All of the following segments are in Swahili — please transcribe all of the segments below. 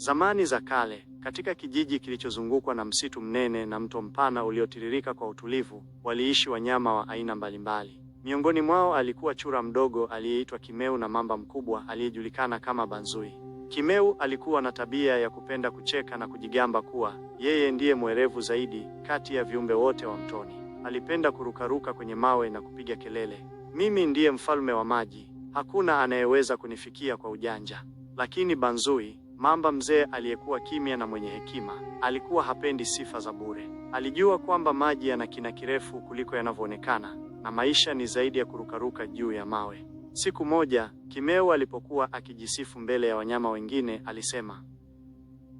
Zamani za kale, katika kijiji kilichozungukwa na msitu mnene na mto mpana uliotiririka kwa utulivu, waliishi wanyama wa aina mbalimbali. Miongoni mwao alikuwa chura mdogo aliyeitwa Kimeu na mamba mkubwa aliyejulikana kama Banzui. Kimeu alikuwa na tabia ya kupenda kucheka na kujigamba kuwa yeye ndiye mwerevu zaidi kati ya viumbe wote wa mtoni. Alipenda kurukaruka kwenye mawe na kupiga kelele, mimi ndiye mfalme wa maji, hakuna anayeweza kunifikia kwa ujanja. Lakini Banzui Mamba mzee aliyekuwa kimya na mwenye hekima alikuwa hapendi sifa za bure. Alijua kwamba maji yana kina kirefu kuliko yanavyoonekana na maisha ni zaidi ya kurukaruka juu ya mawe. Siku moja Kimeu alipokuwa akijisifu mbele ya wanyama wengine, alisema,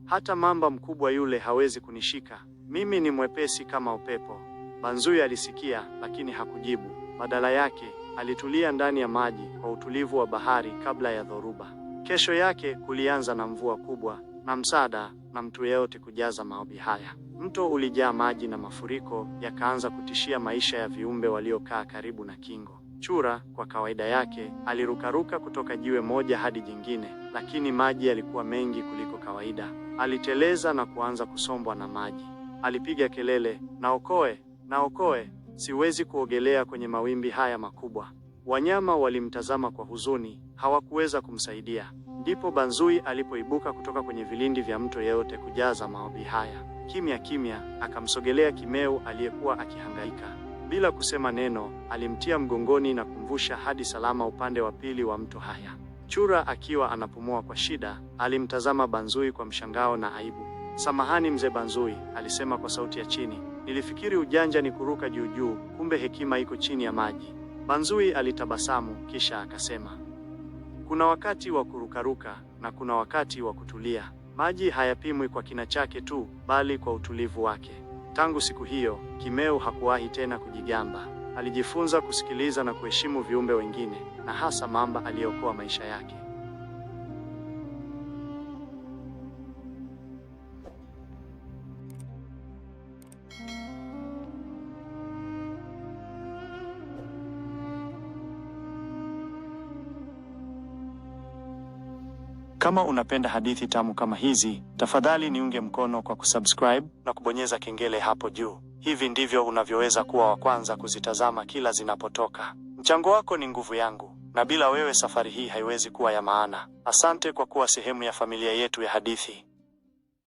hata mamba mkubwa yule hawezi kunishika, mimi ni mwepesi kama upepo. Banzui alisikia lakini hakujibu. Badala yake alitulia ndani ya maji kwa utulivu wa bahari kabla ya dhoruba. Kesho yake kulianza na mvua kubwa na msaada na mtu yeyote kujaza maombi haya. Mto ulijaa maji na mafuriko yakaanza kutishia maisha ya viumbe waliokaa karibu na kingo. Chura kwa kawaida yake alirukaruka kutoka jiwe moja hadi jingine, lakini maji yalikuwa mengi kuliko kawaida. Aliteleza na kuanza kusombwa na maji. Alipiga kelele, naokoe, naokoe, siwezi kuogelea kwenye mawimbi haya makubwa. Wanyama walimtazama kwa huzuni, hawakuweza kumsaidia. Ndipo Banzui alipoibuka kutoka kwenye vilindi vya mto Yeyote kujaza maombi haya. Kimya kimya akamsogelea Kimeu aliyekuwa akihangaika. Bila kusema neno, alimtia mgongoni na kumvusha hadi salama upande wa pili wa mto Haya. Chura akiwa anapumua kwa shida, alimtazama Banzui kwa mshangao na aibu. Samahani mzee Banzui, alisema kwa sauti ya chini. Nilifikiri ujanja ni kuruka juu juu, kumbe hekima iko chini ya maji. Manzui alitabasamu kisha akasema, kuna wakati wa kurukaruka na kuna wakati wa kutulia. Maji hayapimwi kwa kina chake tu, bali kwa utulivu wake. Tangu siku hiyo, Kimeu hakuwahi tena kujigamba. Alijifunza kusikiliza na kuheshimu viumbe wengine, na hasa mamba aliyeokoa maisha yake. Kama unapenda hadithi tamu kama hizi, tafadhali niunge mkono kwa kusubscribe na kubonyeza kengele hapo juu. Hivi ndivyo unavyoweza kuwa wa kwanza kuzitazama kila zinapotoka. Mchango wako ni nguvu yangu, na bila wewe safari hii haiwezi kuwa ya maana. Asante kwa kuwa sehemu ya familia yetu ya hadithi.